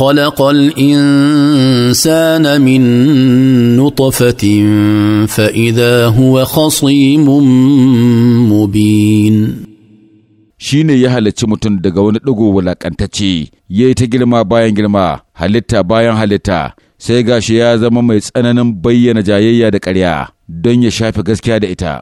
خلق الانسان من نطفه فاذا هو خصيم مبين shi ne ya halarci mutum daga wani ɗigo wulaƙantacce ya yi ta girma bayan girma halitta bayan halitta sai gashi ya zama mai tsananin bayyana jayayya da ƙarya don ya shafe gaskiya da ita